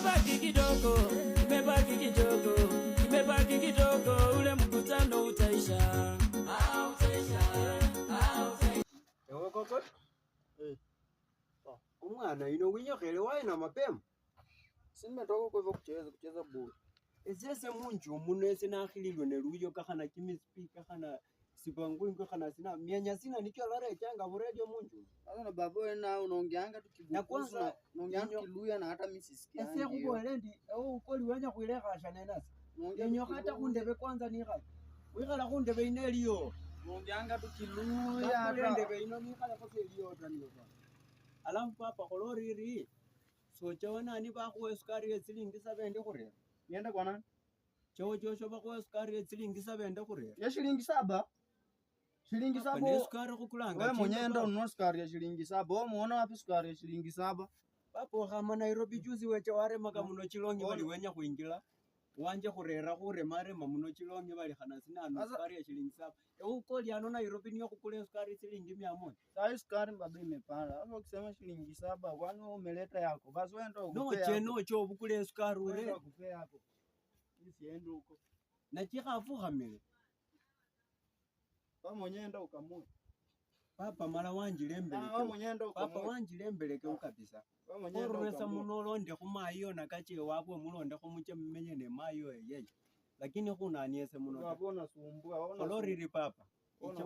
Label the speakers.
Speaker 1: imebaki kidogo, imebaki kidogo, imebaki kidogo, ule mkutano utaisha. Ah, ah, eh,
Speaker 2: eh. oh, Umwana ino winyokhele waena mapema
Speaker 3: simetoka kwa kucheza kucheza bure
Speaker 2: esese munju muno ese nakhililwe neluyo kakhana kimispi kakhana sipanguli nkokana sina mianya sina nikiwa lore changa buredio munju
Speaker 3: sasa na babo na unaongeanga tukibuku na kwanza unaongeanga kiluya na hata mimi sisikia
Speaker 2: sasa elendi au ukoli wanya kuileka ashana nasi yenyo hata kundebe kwanza ni gai wikala kundebe inelio
Speaker 3: unaongeanga tukiluya hata
Speaker 2: kundebe ino ni kala kwa ilio tani kwa alafu papa kolori ri socha wana ni ba kwa sukari ya silingi sabende kure nienda kwa nani chocho choba kwa sukari ya silingi sabende kure
Speaker 3: ya shilingi saba shilingi saba wewe mwenyewe ndo ununua sukari ya shilingi saba wewe muona wapi sukari ya shilingi saba
Speaker 2: papo hama Nairobi mm. juzi wecha waremaga mm. muno chilongi bali wenya kuingila wanje khurera khuremarema muno chilongi bali khana anu sukari ya shilingi saba eukolyano Nairobi niyo khukula sukari shilingi mia moja
Speaker 3: sai sukari baba imepanda sasa ukisema shilingi saba kwani umeleta yako basi wewe ndo
Speaker 2: noche cho obukule sukari ure isiende huko nachikhafu khamile
Speaker 3: wewe mwenyewe ndo ukamue.
Speaker 2: Papa mala wanjilembeleke. Ah, wewe mwenyewe ukamue. Papa wanjilembeleke ukabisa. Wewe mwenyewe ndo ukamue. munolonde khumayo nakache wabwe mulonde khumuche mumenye ne mayo yeye. Lakini khunaniese muno.
Speaker 3: Kwa sumbua.
Speaker 2: Oloriri papa.